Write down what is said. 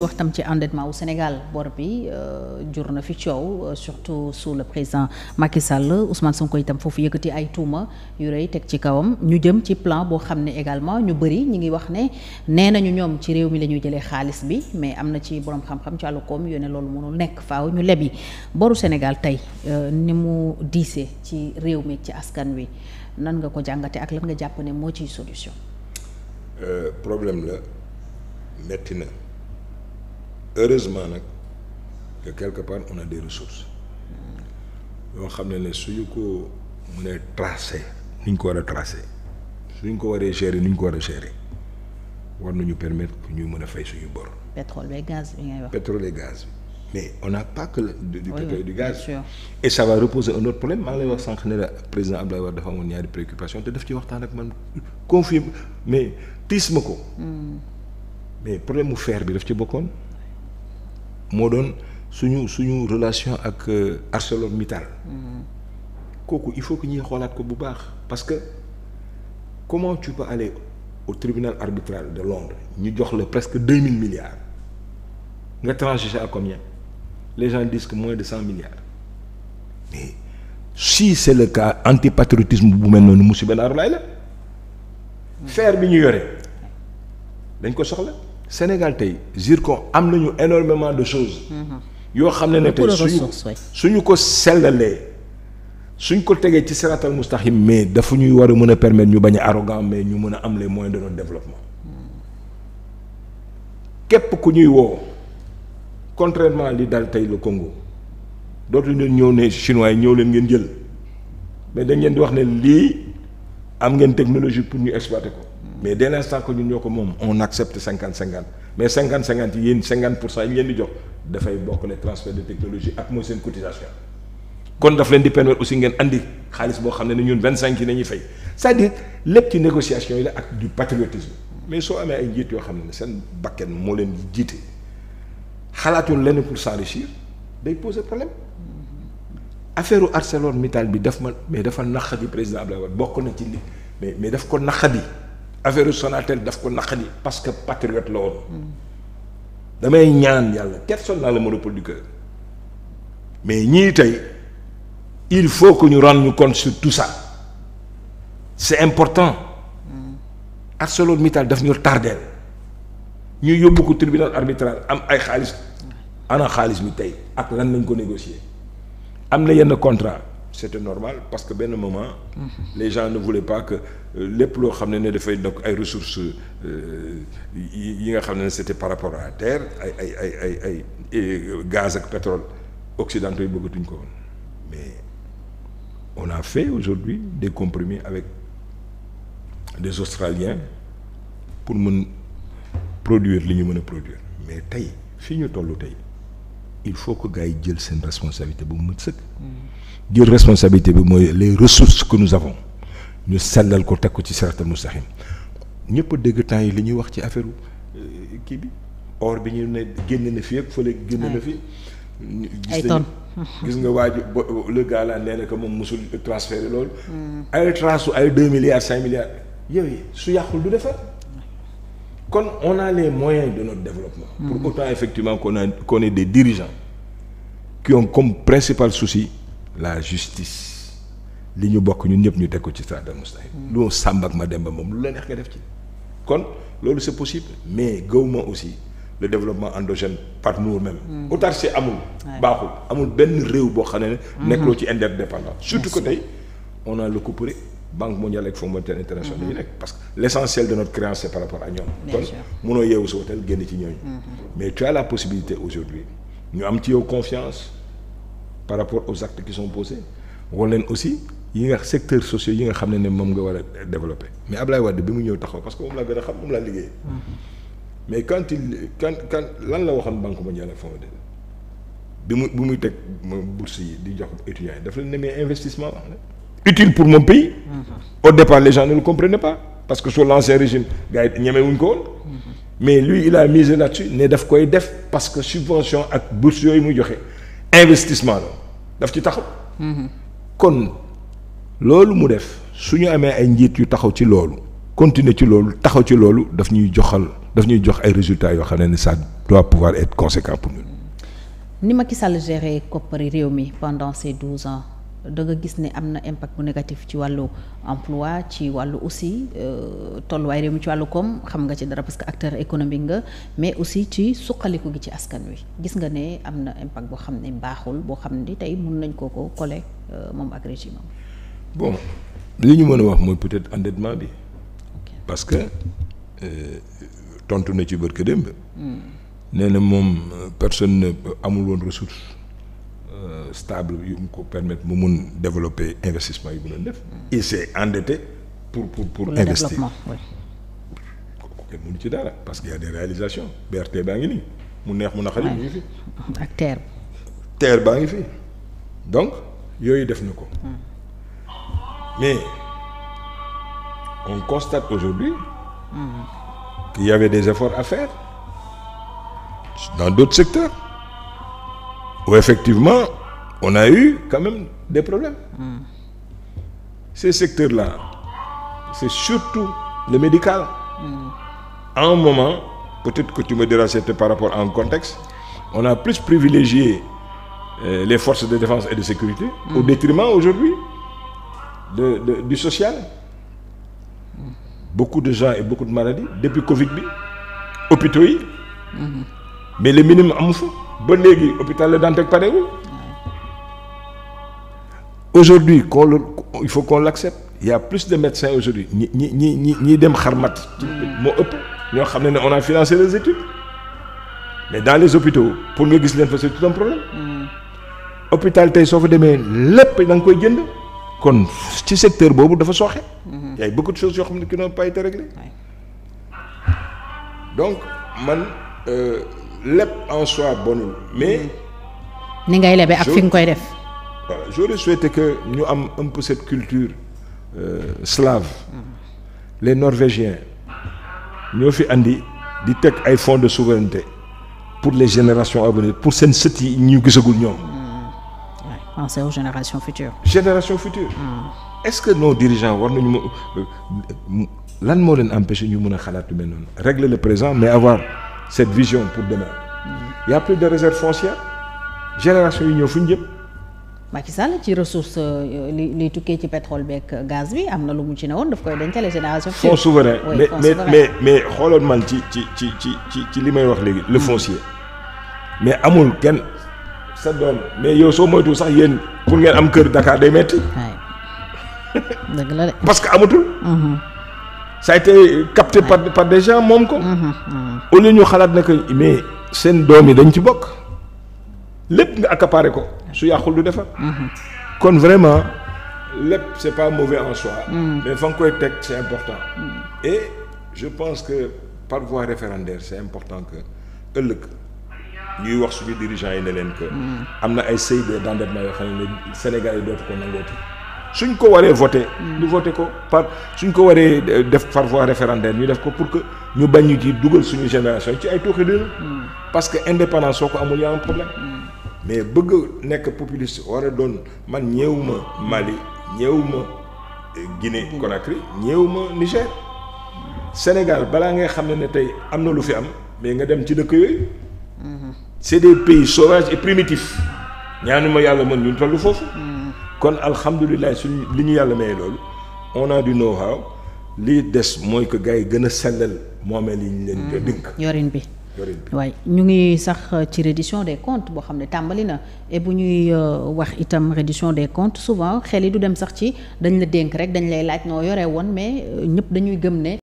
wax tam ci endettement wu Sénégal bor bi euh, jur na fi coow euh, surtout sous le président Macky Sall Ousmane Sonko itam foofu yëkkati ay tuuma yu rëy teg ci kawam ñu jëm ci plan boo xam ne également ñu bëri ñu ngi wax ne nee nañu ñoom ci réew mi lañuy ñuy jëlee xaalis bi mais am na ci borom xam-xam ci àllu koom yu ne loolu mënul nekk faaw ñu lebi boru Sénégal tey euh, ni mu diisee ci réew mi ci askan wi nan nga ko jàngate ak lan nga jàpp ne moo ciy solution. heureusement nag que quelque part on a des ressources yoo xam ne ne suñu ko mënee tracé ni ñu ko war a tracé suñ ko waree gérer ni ñu ko war a gérer war nañu permettre que ñu mën a fay suñu bor. pétrole et gaz bi ngay mais on n'a pas que le, du, du oui, pétrole et du gaz. Bien sûr. va reposer un autre problème maa ngi lay wax sànq ne la président Abdoulaye Wade dafa amoon ñaari préoccupation te daf ci waxtaan ak man confirme mais tiis ma ko. Hmm. mais problème mu feer bi daf ci bokkoon. moo doon suñu suñu relation ak euh, ArcelorMittal mm-hmm. kooku il faut que ñuy xoolaat ko bu baax parce que comment tu peux aller au tribunal arbitral de Londres ñu jox la presque deux mille milliards nga transiger à combien les gens disent que moins de cent milliards mais si c'est le cas antipatriotisme bu mel noonu musiba naaru laay la. Mm-hmm. fer bi ñu yore dañ ko soxla. Sénégal tey zircon am nañu énormément de choses. yoo xam ne ne tey suñu suñu ko sellalee suñ ko tegee ci siraatal mustaxim mais dafa ñuy war a mën a permettre ñu bañ a mais ñu mën a am les moyens de notre développement képp ku ñuy woo contrairement li dal tey le Congo dootu leen ñëw ne chinois yi ñëw leen ngeen jël mais dañ leen di wax ne lii am ngeen technologie pour ñu exploiter ko. mais dès l'instant que ñun ñoo ko moom on accepte cinquante cinquante mais cinquante cinquante yi yéen cinquante pour cent yi ngeen di jox dafay bokkale transfert de technologie ak mooy seen cotisation kon daf leen di permettre aussi ngeen andi xaalis boo xam ne ñun ñu cinq yi nañuy fay c'est-à-dire lépp ci négociation yi la ak du patriotisme mais soo amee ay njiit yoo xam ne seen bakken moo leen jiite xalaatul lenn pour s'enrichir day poser problème affaire u ArcelorMittal bi daf ma mais dafa naqadi président Abdoulaye Wade bokk na ci mais mais daf ko naqadi affaire Sonatel daf ko naqali parce que patriote la woon damay ñaan yàlla personne n'a le monopole du mais ñii tey il faut que ñu rendre ñu compte sur tout ça c'est important ArcelorMittal daf ñu tardeel ñu yóbbu ko tribunal arbitral am ay xaalis ana xaalis bi tey ak lan lañ ko négocier am na yenn contrat c'était normal parce que benn moment les gens ne voulaient pas que euh, lépp loo xam ne ne dafay donc ay ressources euh, yi nga xam ne c'était par rapport à terre ay ay ay ay ay euh, gaz ak pétrole occidentaux yi bëggatuñ ko woon mais on a fait aujourd'hui des compromis avec des Australiens pour mun produire li ñu mën a produire mais tey fii ñu toll tey il faut que gars yi jël seen responsabilité bu mu mët sëkk. jël responsabilité bi mooy les ressources que nous avons ñu sellal ko teg ko ci siratal mustaxim ñëpp dégg temps yi li ñuy wax ci affaire kii bi or bi ñu ne génn na fi ak fële génn na fi. ay nga waa ji le na que moom mosul transféré loolu. Hmm. ay transu ay deux milliards cinq milliards yooyu su yàqul du defar. kon on a les moyens de notre développement. pour hmm. autant effectivement qu'on a qu'on ait des dirigeants comme principal souci la justice. li ñu bokk ñun ñëpp ñu teg ko ci Siraatal mustaqiim. Hmm. lu Samba ak ba moom lu la neex nga def ci. kon loolu c'est possible mais gawma aussi le développement endogène par nous-mêmes. si hmm. amul. baaxul amul benn réew boo xam ne. nekkuloo ci interdépendance. surtout que tey on a le couperet. banque mondiale ak fonds monétaire international yi mhm. nekk parce que l' essentiel de notre créance c'est par rapport à ñoom kon munoo yeewu sa hôtel génn ci ñooñu mhm. mais tu as possibilité aujourd'hui ñu am ci yow confiance par rapport aux actes qui sont posés wala leen aussi yi nga secteur sociaux yi nga xam ne ne moom nga war a développer mais Ablaye Wade bi mu ñëw taxaw parce que moom laa gën a xam moom laa liggéey mhm. mais quand il quand lan la waxoon banque mondiale ak fonds bi mu bi muy teg bourse di jox étudiants yi daf leen mais investissement utile pour mon pays. au départ les gens ne le comprenaient pas parce que sur l'ancien régime gars ñemewuñ ko woon. mais lui il mise misé là-dessus ne daf koy def parce que subvention ak bourse yooyu muy joxe investissement la daf ci taxaw. kon loolu mu def su ñu amee ay njiit yu taxaw ci loolu continuer ci loolu taxaw ci loolu daf ñuy joxal daf ñuy jox ay résultats yoo xam ne ça doit pouvoir être conséquent pour ñun. ni Macky Sall géré koppari réew mi pendant da nga gis ne am na impact bu négatif ci wàllu emploi ci wàllu aussi euh, tolluwaay réew mi ci wàllu koom xam nga ci dara parce que acteur économique nga mais aussi ci suqaliku gi ci askan wi gis nga ne am na impact boo xam ne baaxul boo xam ne tey mun nañ koo ko coller euh, moom ak régime bon li ñu mën a wax mooy peut-être endettement bi okay. parce que euh, tontu na ci bërka démb hmm. nee na moom personne amul woon ressource stable yu mu ko permettre mu mun développer investissement yu mu doon def mm. il s'est endetté pour pour pour, pour investir kooku kenn mënu ci dara parce que y des réalisations BRT ba ngi nii mu neex mu naqari mu ngi fi ak terre terre baa ngi fi donc yooyu def na ko mm. mais on constate aujourd'hui mmh. yo y des efforts à faire dans d'autres secteurs où effectivement on a eu quand même des problèmes. Mm. Ces secteurs-là, c'est surtout le médical. Mm. À moment, peut-être que tu me diras par rapport à un contexte, on a plus privilégié euh, les forces de défense et de sécurité mm. au détriment aujourd'hui de, de, du social. Hmm. Beaucoup de gens et beaucoup de maladies depuis Covid bi hôpitaux yi. Hmm. mais le minimum amu fa ba léegi hôpital Le Dantec parewul aujourd'hui qu'on il faut qu'on l'accepte il plus de médecins aujourd'hui ñi ñi ñi ñi ñiy dem xarmat moo ëpp ñoo xam ne ne on a financé les études mais dans les hôpitaux pour nga gis leen fa c'est tout problème mm. hôpital tey soo fa demee lépp da nga koy jënd kon ci secteur boobu dafa sooxe mm-hmm. y a beaucoup de xam ne qui n'ont pas été donc man euh, lépp en soi bonul mais mm. ni ngay lebe ak fi nga koy def voilà j'aurais souhaité que ñu am un peu cette culture euh, slave les norvégiens ñoo fi andi di teg ay fonds de souveraineté pour les génération à venir pour seen sët yi ñu gisagul ñoom. Mm. penser aux générations futures. génération future. Mm. est-ce que no dirigeants war nañu ma euh, lan moo leen empêcher ñu mun a xalaat lu mel noonu régler le présent mais avoir cette vision pour demain. Mm. y a plus de réserve foncière génération yi ñëw fu ñu jëm. Macky Sall ci ressource euh, li li tukkee ci pétrole beeg gaz bi am na lu mu ci ne woon daf koy dencale génération. fonds souverain mais mais mais xooloon man ci ci ci ci ci ci li may wax léegi le foncier. mais amul kenn sa doom mais yow soo moytuwul sax yéen pour ngeen am kër Dakar day metti dëgg la parce que amatul. Mm-hmm. ça a été capté par par des gens moom ko. Mm-hmm. Mm-hmm. au xalaat ne que mais seen doom yi dañ ci bokk. lépp nga accaparé ko mm-hmm. su yàqul du defar mm-hmm. kon vraiment lépp c'est pas mauvais en soi mm-hmm. mais fa nga koy teg c'est important et je pense que par voie référendaire c'est important que ëllëg ñuy wax suñu dirigeants yi ne leen que am na ay CID d'endettement yoo xam ne Sénégal yi dootu ko nangooti suñ ko waree voté ñu voté ko par suñ ko waree def par voie référendaire ñu def ko pour que ñu bañ ñu ci dugal suñu génération ci ay tooxi dina parce que indépendance soo ko amul yaa am mais bëgg nekk populiste war a doon man ñëwuma Mali ñëwuma eh, Guinée Conakry ñëwuma Niger Sénégal balaa ngay xam ne ne tey am na lu fi am mais nga dem ci dëkk yooyu mhm. c'est des pays sovage et primitifs ñaanu ma yàlla mën ñu tollu foofu mhm. kon alhamdulilah suñu li ñu yàlla may loolu on a du know-how des mooy que gars yi gën a sellal moomeel yi ñu leen mhm. dënk yorin bi waaye ñu ngi sax euh, ci reddition des comptes boo xam ne tàmbali na et bu ñuy euh, wax itam reddition des comptes souvent xel yi du dem sax ci dañ la dénk rek dañ lay laaj noo yore woon mais euh, ñëpp dañuy gëm ne